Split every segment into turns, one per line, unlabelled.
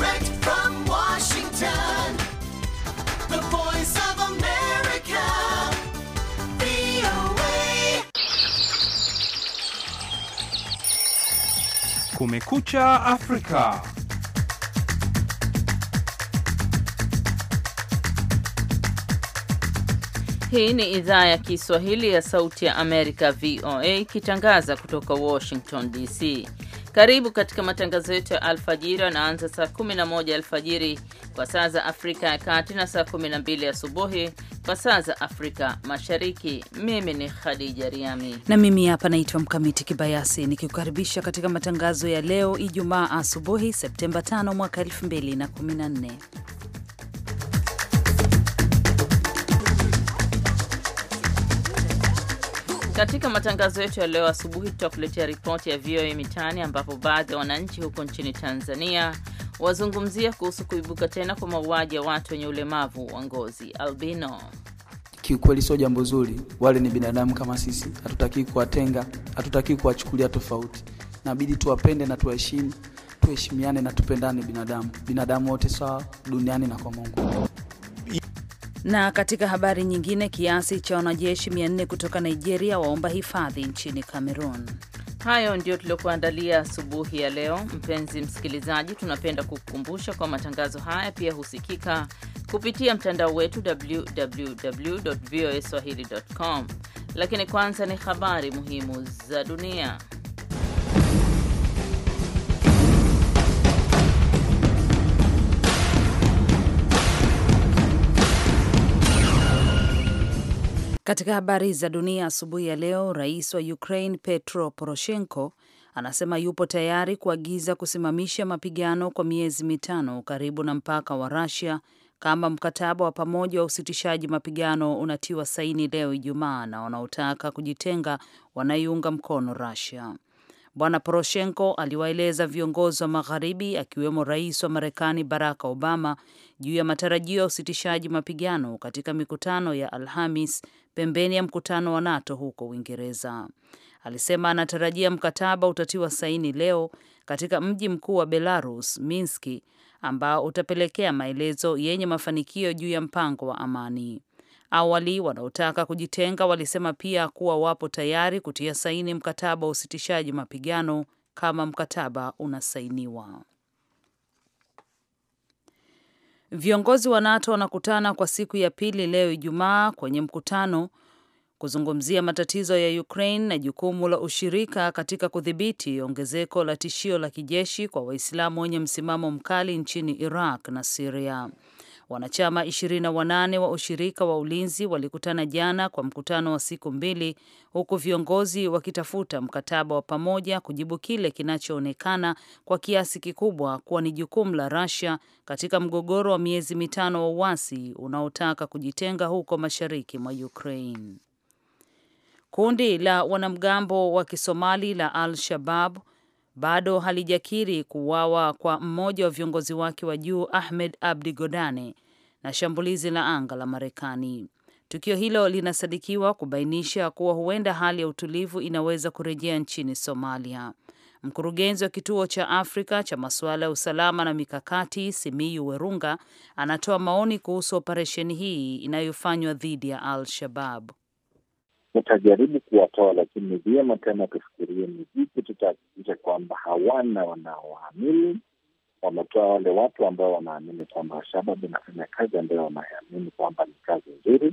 Direct from Washington, the voice of
America, VOA.
Kumekucha Africa.
Hii ni idhaa ya Kiswahili ya Sauti ya Amerika, VOA, ikitangaza kutoka Washington DC. Karibu katika matangazo yetu ya alfajiri anaanza saa 11 alfajiri kwa saa za Afrika ya Kati na saa 12 asubuhi kwa saa za Afrika Mashariki. Mimi ni Khadija Riami na mimi
hapa naitwa Mkamiti Kibayasi nikikukaribisha katika matangazo ya leo Ijumaa asubuhi Septemba 5 mwaka 2014.
Katika matangazo yetu ya leo asubuhi, tutakuletea ripoti ya VOA Mitaani, ambapo baadhi ya wananchi huko nchini Tanzania wazungumzia kuhusu kuibuka tena kwa mauaji ya watu wenye ulemavu wa ngozi albino.
Kiukweli sio jambo zuri, wale ni binadamu kama sisi, hatutakii kuwatenga, hatutakii kuwachukulia tofauti. Nabidi tuwapende na tuwaheshimu, tuheshimiane na tupendane, binadamu binadamu wote sawa duniani na kwa Mungu.
Na katika habari nyingine, kiasi cha wanajeshi 400 kutoka Nigeria waomba hifadhi nchini Cameroon.
Hayo ndio tuliokuandalia asubuhi ya leo. Mpenzi msikilizaji, tunapenda kukukumbusha kwa matangazo haya pia husikika kupitia mtandao wetu www voa swahili com. Lakini kwanza ni habari muhimu
za dunia.
Katika habari za dunia asubuhi ya leo, rais wa Ukraine Petro Poroshenko anasema yupo tayari kuagiza kusimamisha mapigano kwa miezi mitano karibu na mpaka wa Russia kama mkataba wa pamoja wa usitishaji mapigano unatiwa saini leo Ijumaa na wanaotaka kujitenga wanaiunga mkono Russia. Bwana Poroshenko aliwaeleza viongozi wa Magharibi akiwemo rais wa Marekani Barack Obama juu ya matarajio ya usitishaji mapigano katika mikutano ya Alhamis pembeni ya mkutano wa NATO huko Uingereza. Alisema anatarajia mkataba utatiwa saini leo katika mji mkuu wa Belarus, Minski, ambao utapelekea maelezo yenye mafanikio juu ya mpango wa amani. Awali wanaotaka kujitenga walisema pia kuwa wapo tayari kutia saini mkataba wa usitishaji mapigano kama mkataba unasainiwa. Viongozi wa NATO wanakutana kwa siku ya pili leo Ijumaa kwenye mkutano kuzungumzia matatizo ya Ukraine na jukumu la ushirika katika kudhibiti ongezeko la tishio la kijeshi kwa Waislamu wenye msimamo mkali nchini Iraq na Siria. Wanachama 28 wa ushirika wa ulinzi walikutana jana kwa mkutano wa siku mbili, huku viongozi wakitafuta mkataba wa pamoja kujibu kile kinachoonekana kwa kiasi kikubwa kuwa ni jukumu la Russia katika mgogoro wa miezi mitano wa uasi unaotaka kujitenga huko mashariki mwa Ukraine. Kundi la wanamgambo wa Kisomali la Al-Shabab bado halijakiri kuuawa kwa mmoja wa viongozi wake wa juu Ahmed Abdi Godane na shambulizi la anga la Marekani. Tukio hilo linasadikiwa kubainisha kuwa huenda hali ya utulivu inaweza kurejea nchini Somalia. Mkurugenzi wa kituo cha Afrika cha masuala ya usalama na mikakati, Simiyu Werunga, anatoa maoni kuhusu operesheni hii inayofanywa dhidi ya Al-Shabab
nitajaribu kuwatoa, lakini ni vyema tena tufikirie ni vipi tutahakikisha kwamba hawana wanaoamini, wametoa wale watu ambao wanaamini kwamba Alshabab inafanya kazi ambayo wanaamini kwamba ni kazi nzuri.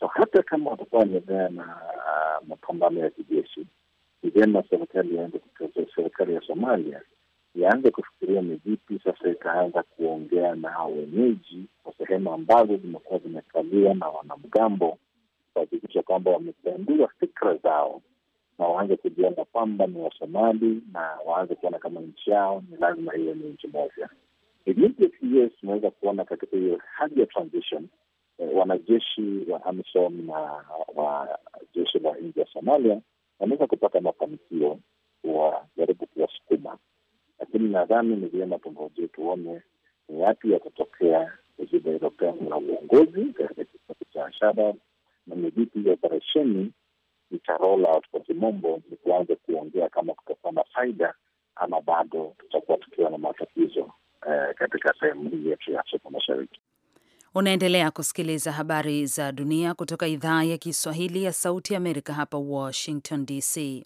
So hata kama watakuwa wanaendelea na uh, mapambano ya kijeshi, ni vyema serikali yaanze serikali ya Somalia yaanze kufikiria ni vipi sasa itaanza kuongea na wenyeji kwa sehemu ambazo zimekuwa zimekaliwa na wanamgambo kuhakikisha kwamba wamepungua fikra zao na waanze kujiona kwamba ni Wasomali na waanze kuona kama nchi yao ni lazima hiyo ni nchi moja. Tunaweza kuona katika hiyo hali ya transition eh, wanajeshi wa AMISOM na wa jeshi la nji ya Somalia wanaweza kupata mafanikio kuwajaribu kuwasukuma, lakini nadhani ni vyema tungojee tuone ni yapi yatatokea kuziba hilo pengo la uongozi katika kikosi cha al mwenyekiti ya operesheni itaroll kwa kimombo, ni kuanza kuongea kama kutakuwa na faida ama bado tutakuwa tukiwa na matatizo eh, katika sehemu hii yetu ya Afrika Mashariki.
Unaendelea kusikiliza habari za dunia kutoka idhaa ya Kiswahili ya Sauti ya Amerika hapa Washington DC.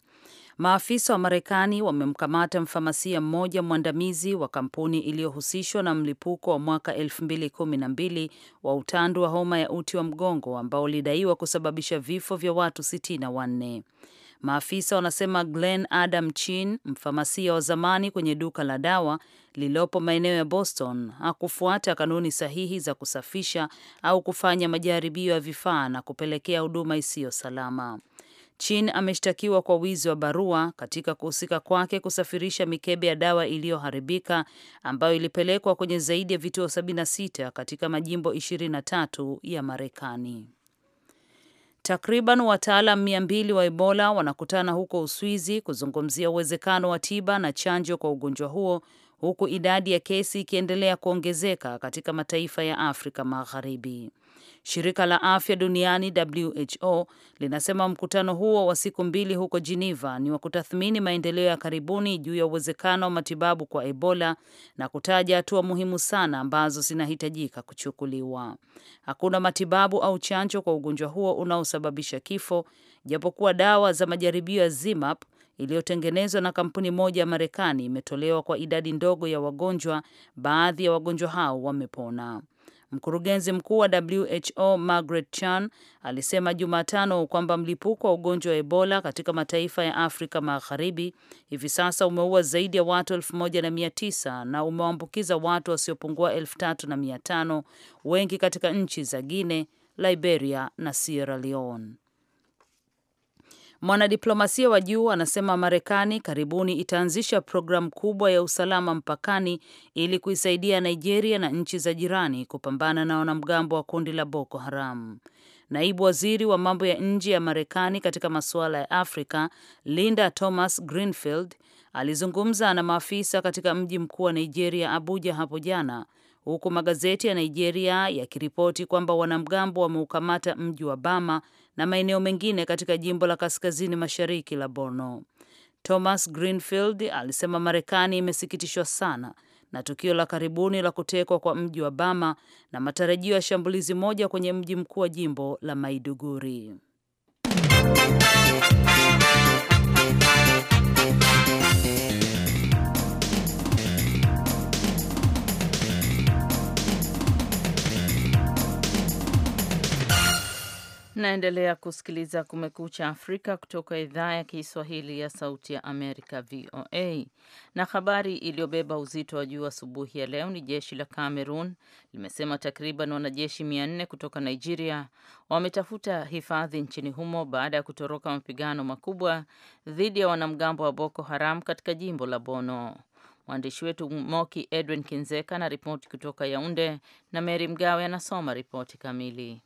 Maafisa wa Marekani wamemkamata mfamasia mmoja mwandamizi wa kampuni iliyohusishwa na mlipuko wa mwaka 212 wa utandu wa homa ya uti wa mgongo ambao ulidaiwa kusababisha vifo vya watu 64. Maafisa wanasema Glen Adam Chin, mfamasia wa zamani kwenye duka la dawa lililopo maeneo ya Boston, hakufuata kanuni sahihi za kusafisha au kufanya majaribio ya vifaa na kupelekea huduma isiyo salama. Chin ameshtakiwa kwa wizi wa barua katika kuhusika kwake kusafirisha mikebe ya dawa iliyoharibika ambayo ilipelekwa kwenye zaidi ya vituo 76 katika majimbo 23 ya Marekani. Takriban wataalam mia mbili wa Ebola wanakutana huko Uswizi kuzungumzia uwezekano wa tiba na chanjo kwa ugonjwa huo huku idadi ya kesi ikiendelea kuongezeka katika mataifa ya Afrika Magharibi. Shirika la afya duniani WHO linasema mkutano huo wa siku mbili huko Geneva ni wa kutathmini maendeleo ya karibuni juu ya uwezekano wa matibabu kwa Ebola na kutaja hatua muhimu sana ambazo zinahitajika kuchukuliwa. Hakuna matibabu au chanjo kwa ugonjwa huo unaosababisha kifo, japokuwa dawa za majaribio ya ZiMap iliyotengenezwa na kampuni moja ya Marekani imetolewa kwa idadi ndogo ya wagonjwa. Baadhi ya wagonjwa hao wamepona. Mkurugenzi mkuu wa WHO Margaret Chan alisema Jumatano kwamba mlipuko wa ugonjwa wa Ebola katika mataifa ya Afrika Magharibi hivi sasa umeua zaidi ya watu elfu na umewaambukiza watu wasiopungua elfu wengi katika nchi za Guinea, Liberia na Sierra Leone. Mwanadiplomasia wa juu anasema Marekani karibuni itaanzisha programu kubwa ya usalama mpakani ili kuisaidia Nigeria na nchi za jirani kupambana na wanamgambo wa kundi la Boko Haram. Naibu waziri wa mambo ya nje ya Marekani katika masuala ya Afrika, Linda Thomas Greenfield, alizungumza na maafisa katika mji mkuu wa Nigeria, Abuja, hapo jana, huku magazeti ya Nigeria yakiripoti kwamba wanamgambo wameukamata mji wa Bama na maeneo mengine katika jimbo la kaskazini mashariki la Borno. Thomas Greenfield alisema Marekani imesikitishwa sana na tukio la karibuni la kutekwa kwa mji wa Bama na matarajio ya shambulizi moja kwenye mji mkuu wa jimbo la Maiduguri.
Naendelea kusikiliza Kumekucha Afrika kutoka idhaa ya Kiswahili ya Sauti ya Amerika, VOA. Na habari iliyobeba uzito wa juu asubuhi ya leo ni jeshi la Cameroon limesema takriban wanajeshi mia nne kutoka Nigeria wametafuta hifadhi nchini humo baada ya kutoroka mapigano makubwa dhidi ya wanamgambo wa Boko Haram katika jimbo la Bono. Mwandishi wetu Moki Edwin Kinzeka na ripoti kutoka Yaunde na Mary Mgawe anasoma ripoti kamili.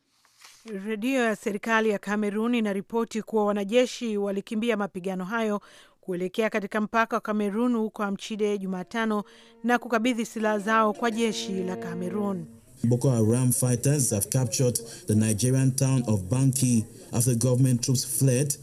Redio ya serikali ya Kamerun inaripoti kuwa wanajeshi walikimbia mapigano hayo kuelekea katika mpaka wa Kamerun huko Amchide Jumatano na kukabidhi silaha zao kwa jeshi la Kamerun.
Boko Haram fighters have captured the Nigerian town of Banki after government troops fled.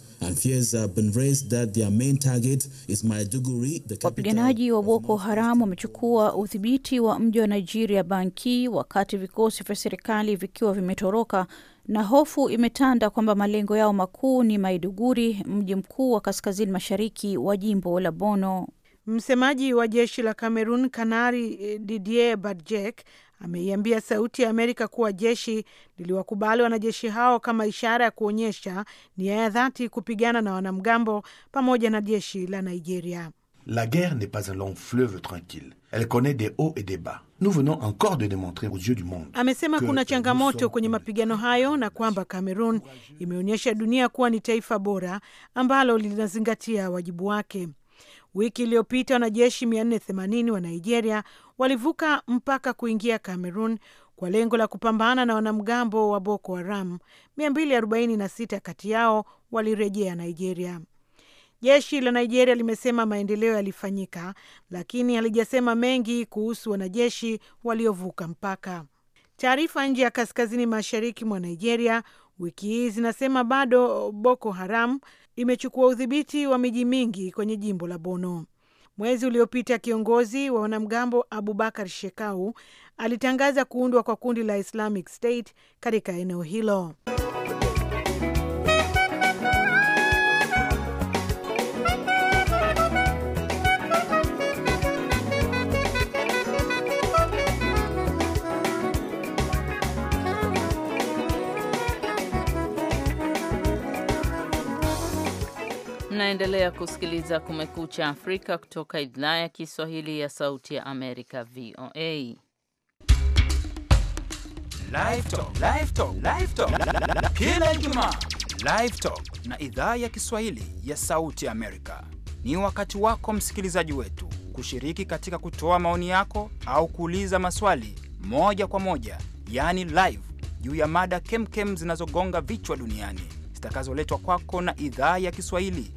Wapiganaji
wa Boko Haram wamechukua udhibiti wa mji wa Nigeria Banki, wakati vikosi vya serikali vikiwa vimetoroka
na hofu imetanda kwamba malengo yao makuu ni Maiduguri, mji mkuu wa kaskazini mashariki wa jimbo la Bono. Msemaji wa jeshi la Cameroon, Kanari eh, Didier Badjek, ameiambia Sauti ya Amerika kuwa jeshi liliwakubali wanajeshi hao kama ishara ya kuonyesha nia ya dhati kupigana na wanamgambo pamoja na jeshi la Nigeria.
La guerre n'est pas un long fleuve tranquille Elle connaît des hauts et des bas. Nous venons encore de démontrer aux yeux du monde. Amesema kuna changamoto
kwenye mapigano hayo na kwamba Cameroon imeonyesha dunia kuwa ni taifa bora ambalo linazingatia wajibu wake. Wiki iliyopita wanajeshi 480 wa Nigeria walivuka mpaka kuingia Cameroon kwa lengo la kupambana na wanamgambo wa Boko Haram. 246 kati yao walirejea Nigeria. Jeshi la Nigeria limesema maendeleo yalifanyika, lakini halijasema mengi kuhusu wanajeshi waliovuka mpaka. Taarifa nje ya kaskazini mashariki mwa Nigeria wiki hii zinasema bado Boko Haram imechukua udhibiti wa miji mingi kwenye jimbo la Bono. Mwezi uliopita kiongozi wa wanamgambo Abubakar Shekau alitangaza kuundwa kwa kundi la Islamic State katika eneo hilo.
Mnaendelea kusikiliza Kumekucha Afrika kutoka idhaa ya Kiswahili ya Sauti ya Amerika, VOA.
Kila Ijumaa na idhaa ya Kiswahili ya Sauti ya Amerika ni wakati wako msikilizaji wetu kushiriki katika kutoa maoni yako au kuuliza maswali moja kwa moja, yaani live, juu ya mada kemkem zinazogonga vichwa duniani zitakazoletwa kwako na idhaa ya Kiswahili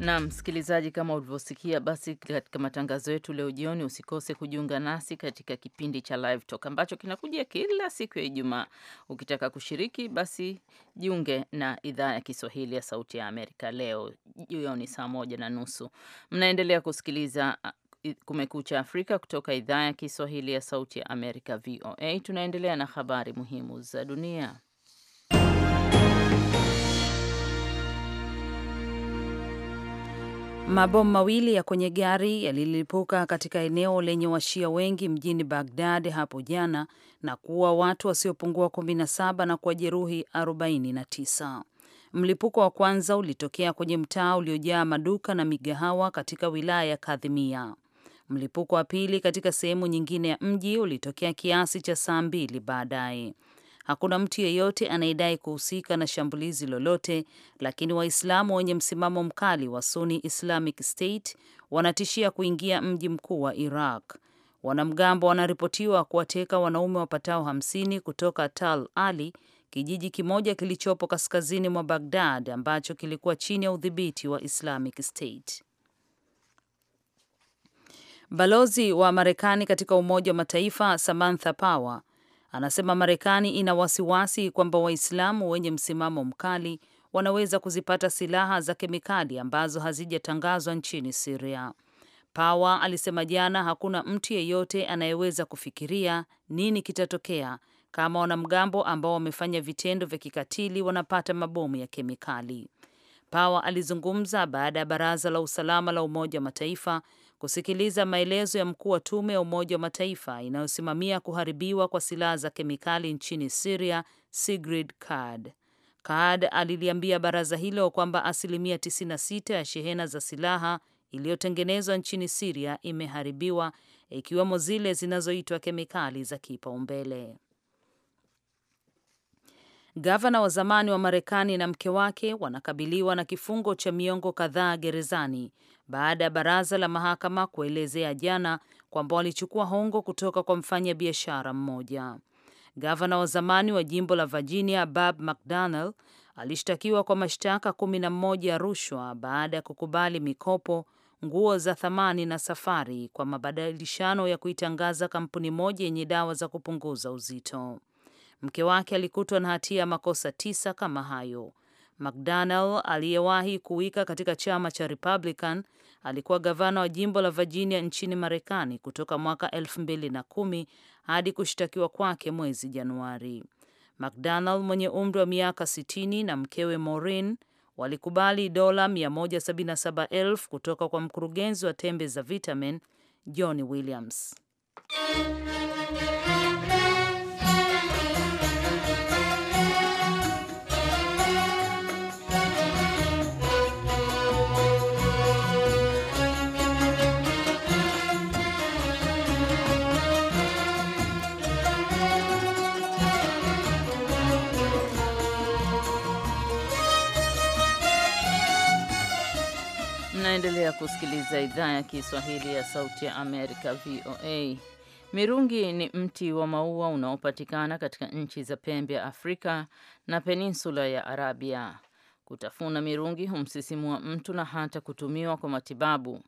Naam msikilizaji, kama ulivyosikia, basi katika matangazo yetu leo jioni, usikose kujiunga nasi katika kipindi cha Live Talk ambacho kinakujia kila siku ya Ijumaa. Ukitaka kushiriki, basi jiunge na idhaa ya Kiswahili ya Sauti ya Amerika leo jioni saa moja na nusu. Mnaendelea kusikiliza ah, Kumekucha Afrika kutoka idhaa ya Kiswahili ya Sauti ya Amerika, VOA. Tunaendelea na habari muhimu za dunia.
Mabomu mawili ya kwenye gari yalilipuka katika eneo lenye washia wengi mjini Bagdad hapo jana na kuua watu wasiopungua 17 na jeruhi 49. Mlipuko wa kwanza ulitokea kwenye mtaa uliojaa maduka na migahawa katika wilaya ya Kadhimia. Mlipuko wa pili katika sehemu nyingine ya mji ulitokea kiasi cha saa mbili baadaye. Hakuna mtu yeyote anayedai kuhusika na shambulizi lolote, lakini Waislamu wenye msimamo mkali wa Sunni Islamic State wanatishia kuingia mji mkuu wa Iraq. Wanamgambo wanaripotiwa kuwateka wanaume wapatao hamsini kutoka Tal Ali, kijiji kimoja kilichopo kaskazini mwa Bagdad ambacho kilikuwa chini ya udhibiti wa Islamic State. Balozi wa Marekani katika Umoja wa Mataifa Samantha Power Anasema Marekani ina wasiwasi kwamba Waislamu wenye msimamo mkali wanaweza kuzipata silaha za kemikali ambazo hazijatangazwa nchini Siria. Pawa alisema jana, hakuna mtu yeyote anayeweza kufikiria nini kitatokea kama wanamgambo ambao wamefanya vitendo vya kikatili wanapata mabomu ya kemikali. Pawa alizungumza baada ya Baraza la Usalama la Umoja wa Mataifa kusikiliza maelezo ya mkuu wa tume ya Umoja wa Mataifa inayosimamia kuharibiwa kwa silaha za kemikali nchini Siria, Sigrid Kaag. Kaad aliliambia baraza hilo kwamba asilimia 96 ya shehena za silaha iliyotengenezwa nchini Siria imeharibiwa ikiwemo zile zinazoitwa kemikali za kipaumbele. Gavana wa zamani wa Marekani na mke wake wanakabiliwa na kifungo cha miongo kadhaa gerezani baada ya baraza la mahakama kuelezea jana kwamba walichukua hongo kutoka kwa mfanya biashara mmoja. Gavana wa zamani wa jimbo la Virginia Bob McDonnell alishtakiwa kwa mashtaka kumi na mmoja ya rushwa baada ya kukubali mikopo, nguo za thamani na safari kwa mabadilishano ya kuitangaza kampuni moja yenye dawa za kupunguza uzito. Mke wake alikutwa na hatia ya makosa tisa kama hayo. McDonnell aliyewahi kuwika katika chama cha Republican alikuwa gavana wa jimbo la Virginia nchini Marekani kutoka mwaka 2010 hadi kushtakiwa kwake mwezi Januari. McDonnell mwenye umri wa miaka 60 na mkewe Maureen walikubali dola 177,000 kutoka kwa mkurugenzi wa tembe za vitamin John Williams.
Unaendelea kusikiliza idhaa ya Kiswahili ya Sauti ya Amerika, VOA. Mirungi ni mti wa maua unaopatikana katika nchi za pembe ya Afrika na peninsula ya Arabia. Kutafuna mirungi humsisimua mtu na hata kutumiwa kwa matibabu.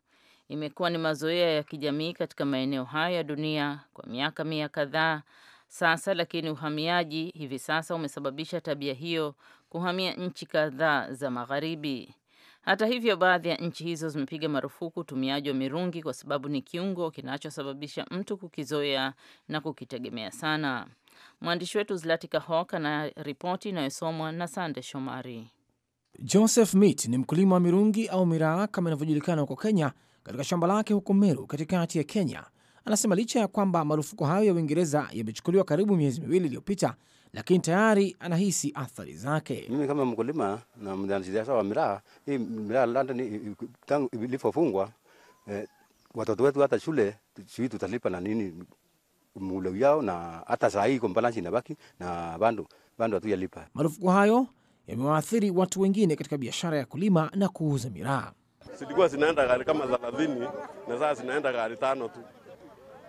Imekuwa ni mazoea ya kijamii katika maeneo hayo ya dunia kwa miaka mia kadhaa sasa, lakini uhamiaji hivi sasa umesababisha tabia hiyo kuhamia nchi kadhaa za magharibi. Hata hivyo, baadhi ya nchi hizo zimepiga marufuku utumiaji wa mirungi kwa sababu ni kiungo kinachosababisha mtu kukizoea na kukitegemea sana. Mwandishi wetu Zlatika Hawk ana ripoti inayosomwa na Sande Shomari.
Joseph Mit ni mkulima wa mirungi au miraa kama inavyojulikana huko Kenya, katika shamba lake huko Meru katikati ya Kenya. Anasema licha ya kwamba marufuku hayo ya Uingereza yamechukuliwa karibu miezi miwili iliyopita, lakini tayari anahisi athari
zake. Mimi kama mkulima na mwanasiasa wa miraa, hii miraa London tangu ilipofungwa, eh, watoto wetu hata shule sisi tutalipa na nini mule yao, na hata saa hii kombalansi inabaki na bando bandu hatujalipa.
Marufuku hayo yamewaathiri watu wengine katika biashara ya kulima na kuuza miraa.
Silikuwa zinaenda gari kama 30 na sasa zinaenda gari tano
tu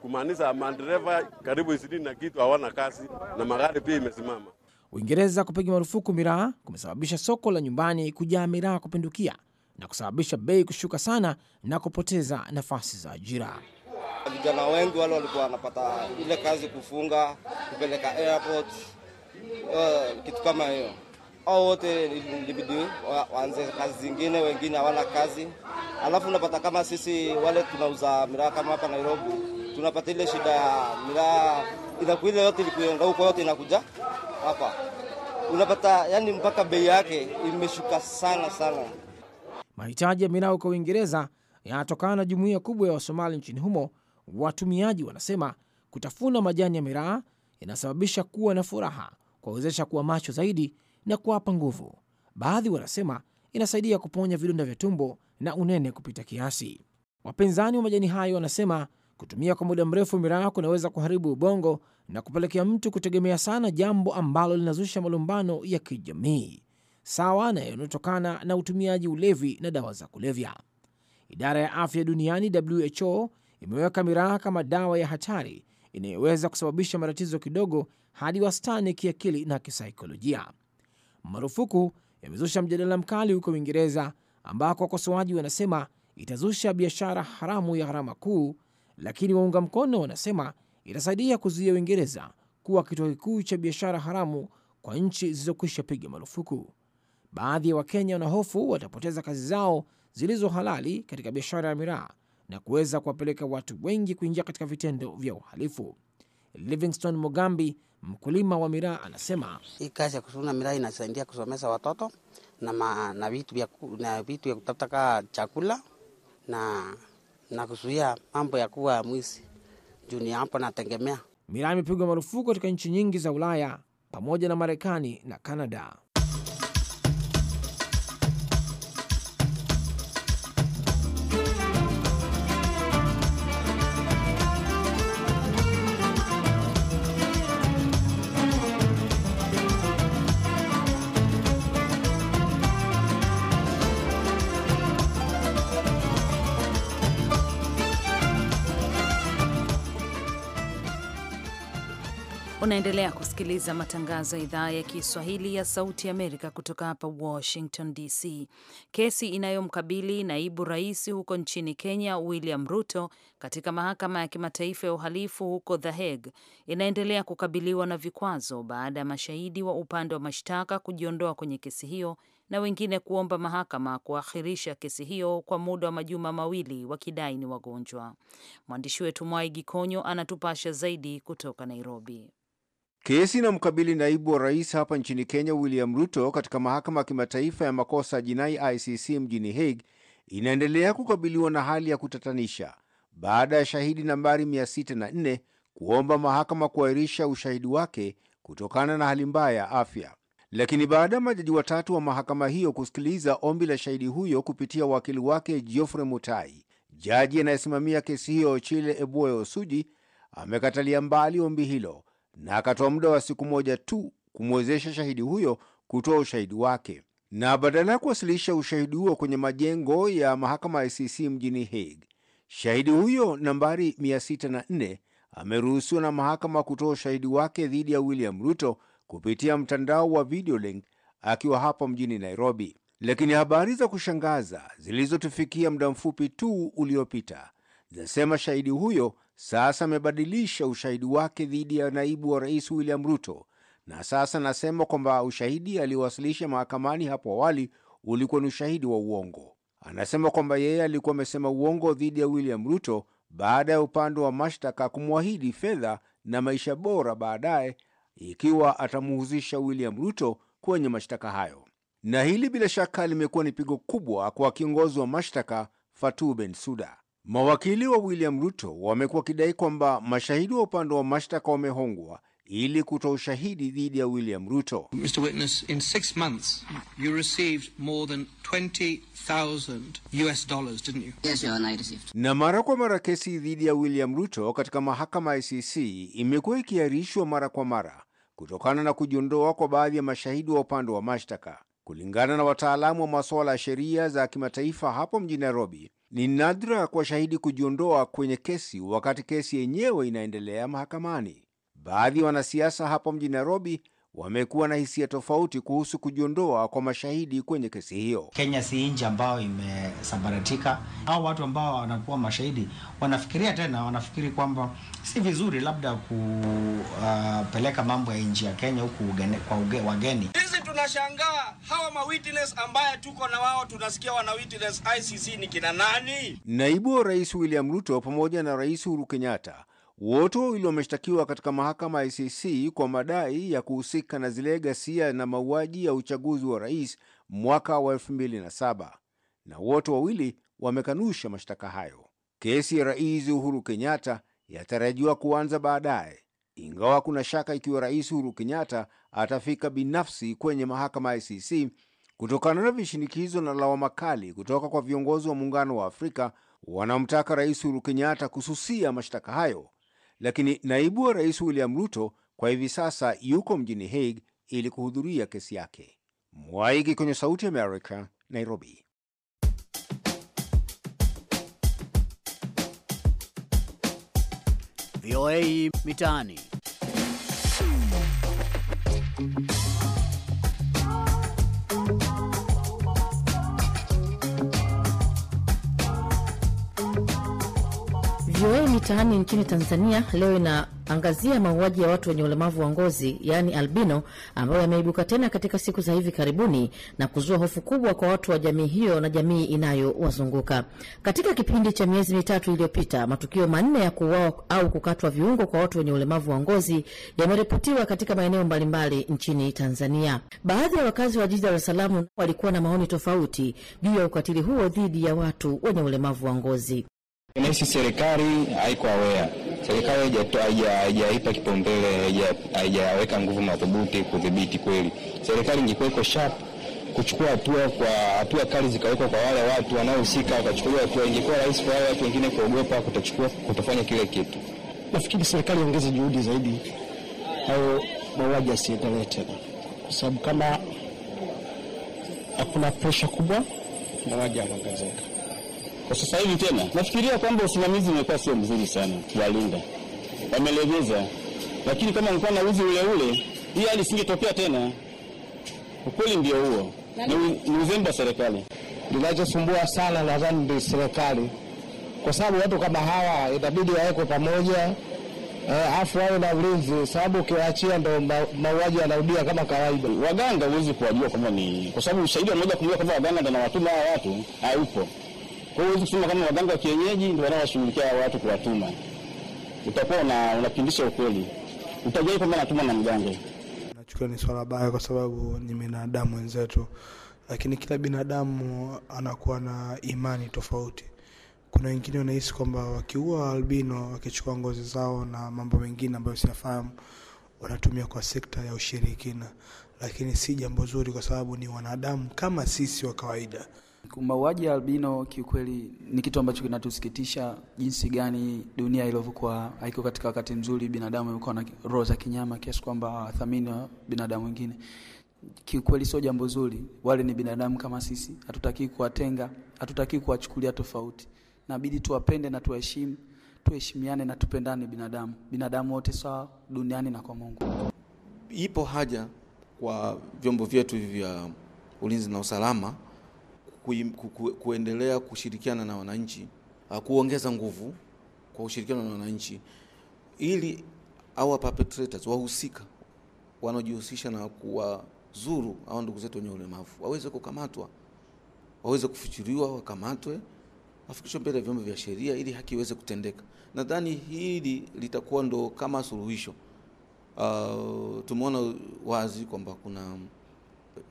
kumaanisha madereva karibu ishirini na kitu hawana kazi na magari pia imesimama.
Uingereza kupiga marufuku miraa kumesababisha soko la nyumbani kujaa miraa kupindukia na kusababisha bei kushuka sana na kupoteza nafasi za ajira.
Vijana wengi wale walikuwa wanapata ile kazi kufunga, kupeleka airport, uh, kitu kama hiyo. Au wote libidi waanze kazi zingine, wengine hawana kazi. Alafu unapata kama sisi wale tunauza miraa kama hapa Nairobi tunapata ile shida ya miraa, inakuwa ile yote ilikuenda huko, yote inakuja hapa unapata, yani mpaka bei yake imeshuka sana sana.
Mahitaji ya miraa huko Uingereza yanatokana na jumuiya kubwa ya Wasomali nchini humo. Watumiaji wanasema kutafuna majani ya miraa inasababisha kuwa na furaha, kuwawezesha kuwa macho zaidi na kuwapa nguvu. Baadhi wanasema inasaidia kuponya vidonda vya tumbo na unene kupita kiasi. Wapinzani wa majani hayo wanasema Kutumia kwa muda mrefu miraa kunaweza kuharibu ubongo na kupelekea mtu kutegemea sana jambo ambalo linazusha malumbano ya kijamii sawa na yanayotokana na utumiaji ulevi na dawa za kulevya. Idara ya afya duniani WHO imeweka miraa kama dawa ya hatari inayoweza kusababisha matatizo kidogo hadi wastani kiakili na kisaikolojia. Marufuku yamezusha mjadala mkali huko Uingereza ambako wakosoaji wanasema itazusha biashara haramu ya gharama kuu lakini waunga mkono wanasema itasaidia kuzuia Uingereza kuwa kituo kikuu cha biashara haramu kwa nchi zilizokwisha piga marufuku. Baadhi ya Wakenya wanahofu watapoteza kazi zao zilizo halali katika biashara ya miraa na kuweza kuwapeleka watu wengi kuingia katika vitendo vya uhalifu. Livingston Mugambi, mkulima wa miraa, anasema hii kazi ya kusuna miraa inasaidia kusomesa watoto na, ma, na vitu vya kutafuta chakula na na kuzuia mambo ya kuwa mwizi juu ni hapo nategemea. Miraa imepigwa marufuku katika nchi nyingi za Ulaya pamoja na Marekani na Kanada.
Unaendelea kusikiliza matangazo ya idhaa ya Kiswahili ya Sauti Amerika kutoka hapa Washington DC. Kesi inayomkabili naibu rais huko nchini Kenya William Ruto katika mahakama ya kimataifa ya uhalifu huko The Hague inaendelea kukabiliwa na vikwazo baada ya mashahidi wa upande wa mashtaka kujiondoa kwenye kesi hiyo na wengine kuomba mahakama kuakhirisha kesi hiyo kwa muda wa majuma mawili wakidai ni wagonjwa. Mwandishi wetu Mwai Gikonyo anatupasha zaidi kutoka Nairobi.
Kesi na mkabili naibu wa rais hapa nchini Kenya William Ruto katika mahakama ya kimataifa ya makosa ya jinai ICC mjini Hague inaendelea kukabiliwa na hali ya kutatanisha baada ya shahidi nambari 604 kuomba mahakama kuahirisha ushahidi wake kutokana na hali mbaya ya afya. Lakini baada ya majaji watatu wa mahakama hiyo kusikiliza ombi la shahidi huyo kupitia wakili wake Geoffrey Mutai, jaji anayesimamia kesi hiyo Chile Eboe Osuji amekatalia mbali ombi hilo na akatoa muda wa siku moja tu kumwezesha shahidi huyo kutoa ushahidi wake, na badala ya kuwasilisha ushahidi huo kwenye majengo ya mahakama ya ICC mjini Hague, shahidi huyo nambari 604 ameruhusiwa na mahakama kutoa ushahidi wake dhidi ya William Ruto kupitia mtandao wa video link akiwa hapa mjini Nairobi. Lakini habari za kushangaza zilizotufikia muda mfupi tu uliopita zinasema shahidi huyo sasa amebadilisha ushahidi wake dhidi ya naibu wa rais William Ruto, na sasa anasema kwamba ushahidi aliowasilisha mahakamani hapo awali ulikuwa ni ushahidi wa uongo. Anasema kwamba yeye alikuwa amesema uongo dhidi ya William Ruto baada ya upande wa mashtaka kumwahidi fedha na maisha bora baadaye ikiwa atamhusisha William Ruto kwenye mashtaka hayo. Na hili bila shaka limekuwa ni pigo kubwa kwa kiongozi wa mashtaka Fatou Bensouda. Mawakili wa William Ruto wamekuwa wakidai kwamba mashahidi wa upande wa mashtaka wamehongwa ili kutoa ushahidi dhidi ya William Ruto. Mr.
Witness, in six months you received more than
20,000 US dollars, didn't you? Yes, Your Honor, I received. Na mara kwa mara kesi dhidi ya William Ruto katika mahakama ya ICC imekuwa ikiahirishwa mara kwa mara kutokana na kujiondoa kwa baadhi ya mashahidi wa upande wa mashtaka. Kulingana na wataalamu wa masuala ya sheria za kimataifa hapo mjini Nairobi, ni nadra kwa shahidi kujiondoa kwenye kesi wakati kesi yenyewe inaendelea mahakamani. Baadhi ya wanasiasa hapo mjini Nairobi wamekuwa na hisia tofauti kuhusu kujiondoa kwa mashahidi kwenye kesi hiyo. Kenya si nchi ambayo imesambaratika. Hao watu ambao wanakuwa mashahidi wanafikiria tena, wanafikiri kwamba si vizuri labda kupeleka uh, mambo ya nchi ya Kenya huku kwa uge, wageni. Sisi tunashangaa hawa mawitness ambaye tuko na wao, tunasikia wana witness ICC ni kina nani? Naibu Rais William Ruto pamoja na Rais Uhuru Kenyatta wote wawili wameshtakiwa katika mahakama ya ICC kwa madai ya kuhusika na zile ghasia na mauaji ya uchaguzi wa rais mwaka wa 2007 na wote wawili wamekanusha mashtaka hayo. Kesi ya Rais Uhuru Kenyatta yatarajiwa kuanza baadaye, ingawa kuna shaka ikiwa Rais Uhuru Kenyatta atafika binafsi kwenye mahakama ya ICC kutokana na vishinikizo na lawama kali kutoka kwa viongozi wa Muungano wa Afrika wanamtaka Rais Uhuru Kenyatta kususia mashtaka hayo lakini naibu wa rais William Ruto kwa hivi sasa yuko mjini Hague ili kuhudhuria kesi yake. Mwaigi kwenye Sauti ya America, Nairobi.
VOA Mitaani.
Mitaani nchini Tanzania leo inaangazia mauaji ya watu wenye ulemavu wa ngozi yaani albino, ambayo yameibuka tena katika siku za hivi karibuni na kuzua hofu kubwa kwa watu wa jamii hiyo na jamii inayowazunguka. Katika kipindi cha miezi mitatu iliyopita, matukio manne ya kuuawa au kukatwa viungo kwa watu wenye ulemavu wa ngozi yameripotiwa katika maeneo mbalimbali nchini Tanzania. Baadhi ya wakazi wa jiji daressalamu walikuwa na maoni tofauti juu ya ukatili huo dhidi ya watu wenye ulemavu wa ngozi.
Nahisi serikali haiko aware, serikali haijaipa kipaumbele, haijaweka nguvu madhubuti kudhibiti kweli. Serikali ingekuwa iko sharp kuchukua hatua kwa hatua kali zikawekwa kwa wale watu wanaohusika, wakachukuliwa hatua, ingekuwa rahisi kwa wale watu wengine kuogopa, kutochukua, kutofanya kile kitu. Nafikiri serikali iongeze juhudi zaidi au mauaji asiendelee tena, kwa sababu kama hakuna presha kubwa mauaji yanaongezeka. Kwa sasa hivi tena nafikiria kwamba usimamizi umekuwa sio mzuri sana, walinda wamelegeza, lakini kama ungekuwa na uzi ule ule, hii hali isingetokea tena. Ukweli ndio huo, ni uzembe wa serikali. Linachosumbua sana nadhani ndi serikali, kwa sababu watu kama hawa inabidi wawekwe pamoja, eh, afu wawe na ulinzi, sababu ukiwaachia ndo mauaji yanarudia kama kawaida. Waganga huwezi kuwajua kwamba ni kwa sababu ushahidi wa moja kwa moja kwamba waganga ndo nawatuma hawa watu haupo. Kwa hiyo kusema kama waganga wa kienyeji ndio wanaowashughulikia watu kuwatuma, utakuwa unapindisha ukweli, utajai kwamba natuma na mganga. Nachukua ni swala baya, kwa sababu ni binadamu wenzetu, lakini kila binadamu anakuwa na imani tofauti. Kuna wengine wanahisi kwamba wakiua albino, wakichukua ngozi zao na mambo mengine ambayo siyafahamu, wanatumia kwa sekta ya ushirikina, lakini si jambo zuri, kwa sababu ni wanadamu kama sisi wa kawaida.
Mauaji ya albino kiukweli ni kitu ambacho kinatusikitisha, jinsi gani dunia ilivyokuwa haiko katika wakati mzuri, binadamu yuko na roho za kinyama kiasi kwamba hawathamini binadamu wengine. Kiukweli sio jambo zuri, wale ni binadamu kama sisi, hatutaki kuwatenga, hatutaki kuwachukulia tofauti, nabidi tuwapende na tuwaheshimu, tuheshimiane na tupendane, binadamu binadamu wote sawa duniani na kwa Mungu. Ipo haja kwa vyombo vyetu vya ulinzi na usalama kuendelea kushirikiana na wananchi, ah, kuongeza nguvu kwa ushirikiano na wananchi ili our perpetrators wahusika wanaojihusisha na kuwazuru au ndugu zetu wenye ulemavu waweze kukamatwa, waweze kufichuliwa, wakamatwe, wafikishwe mbele ya vyombo vya sheria ili haki iweze kutendeka. Nadhani hili litakuwa ndo kama suluhisho. Uh, tumeona wazi kwamba kuna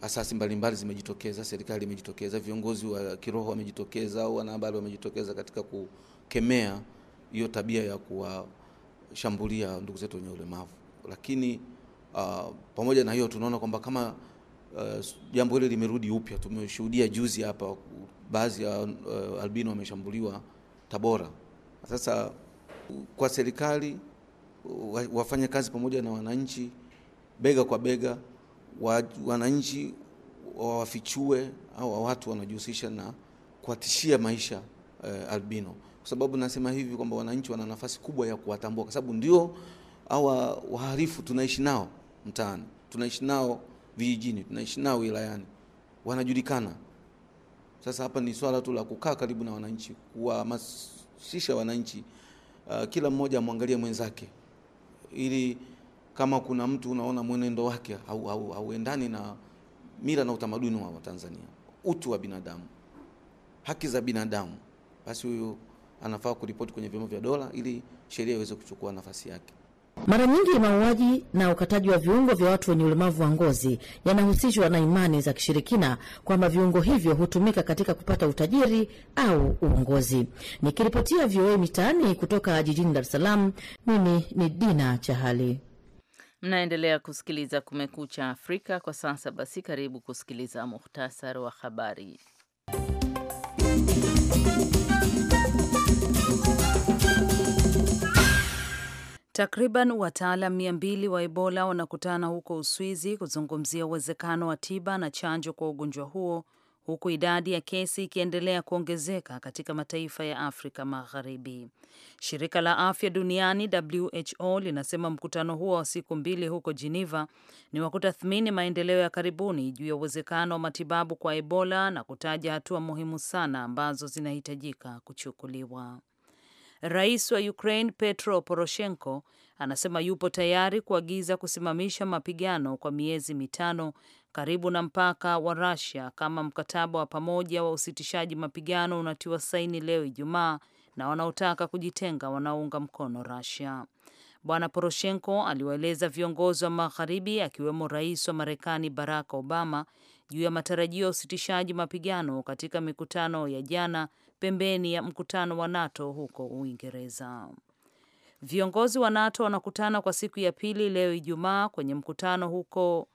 asasi mbalimbali zimejitokeza, serikali imejitokeza, viongozi wa kiroho wamejitokeza, au wanahabari wamejitokeza katika kukemea hiyo tabia ya kuwashambulia ndugu zetu wenye ulemavu. Lakini uh, pamoja na hiyo tunaona kwamba kama uh, jambo hili limerudi upya. Tumeshuhudia juzi hapa baadhi ya uh, albino wameshambuliwa Tabora. Sasa kwa serikali wafanya kazi pamoja na wananchi bega kwa bega wananchi wawafichue au watu wanaojihusisha na kuwatishia maisha e, albino. Kwa sababu nasema hivi kwamba wananchi wana nafasi kubwa ya kuwatambua, kwa sababu ndio hawa wahalifu tunaishi nao mtaani, tunaishi nao vijijini, tunaishi nao wilayani, wanajulikana. Sasa hapa ni swala tu la kukaa karibu na wananchi, kuwahamasisha wananchi, uh, kila mmoja amwangalie mwenzake ili kama kuna mtu unaona mwenendo wake hauendani na mila na utamaduni wa Watanzania, utu wa binadamu, haki za binadamu, basi huyu anafaa kuripoti kwenye vyombo vya dola ili sheria iweze kuchukua nafasi yake.
Mara nyingi mauaji na ukataji wa viungo vya watu wenye ulemavu wa ngozi yanahusishwa na imani za kishirikina kwamba viungo hivyo hutumika katika kupata utajiri au uongozi. Nikiripotia VOA Mitaani kutoka jijini Dar es Salaam, mimi ni Dina Chahali. Mnaendelea kusikiliza Kumekucha Afrika kwa sasa. Basi karibu kusikiliza muhtasari wa habari.
Takriban wataalam mia mbili wa Ebola wanakutana huko Uswizi kuzungumzia uwezekano wa tiba na chanjo kwa ugonjwa huo huku idadi ya kesi ikiendelea kuongezeka katika mataifa ya Afrika Magharibi. Shirika la Afya Duniani WHO linasema mkutano huo wa siku mbili huko Geneva ni wa kutathmini maendeleo ya karibuni juu ya uwezekano wa matibabu kwa Ebola na kutaja hatua muhimu sana ambazo zinahitajika kuchukuliwa. Rais wa Ukraine Petro Poroshenko anasema yupo tayari kuagiza kusimamisha mapigano kwa miezi mitano karibu na mpaka wa Russia kama mkataba wa pamoja wa usitishaji mapigano unatiwa saini leo Ijumaa na wanaotaka kujitenga wanaounga mkono Russia. Bwana Poroshenko aliwaeleza viongozi wa Magharibi akiwemo Rais wa Marekani Barack Obama juu ya matarajio ya usitishaji mapigano katika mikutano ya jana pembeni ya mkutano wa NATO huko Uingereza. Viongozi wa NATO wanakutana kwa siku ya pili leo Ijumaa kwenye mkutano huko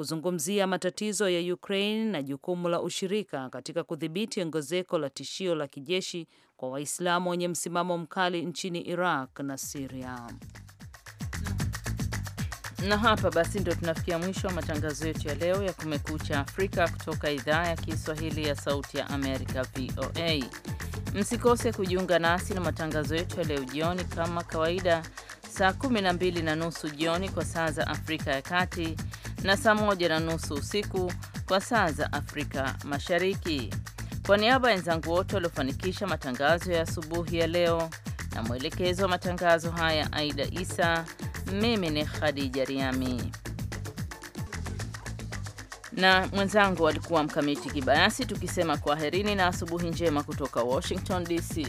kuzungumzia matatizo ya Ukraine na jukumu la ushirika katika kudhibiti ongezeko la tishio la kijeshi kwa Waislamu wenye msimamo mkali nchini Iraq
na Siria. Na hapa basi ndio tunafikia mwisho wa matangazo yetu ya leo ya Kumekucha Afrika kutoka idhaa ya Kiswahili ya Sauti ya Amerika, VOA. Msikose kujiunga nasi na matangazo yetu ya leo jioni, kama kawaida, saa 12 na nusu jioni kwa saa za Afrika ya Kati na saa moja na nusu usiku kwa saa za Afrika Mashariki. Kwa niaba ya wenzangu wote waliofanikisha matangazo ya asubuhi ya leo na mwelekezo wa matangazo haya Aida Isa, mimi ni Khadija Riami na mwenzangu alikuwa Mkamiti Kibayasi, tukisema kwaherini na asubuhi njema kutoka Washington DC.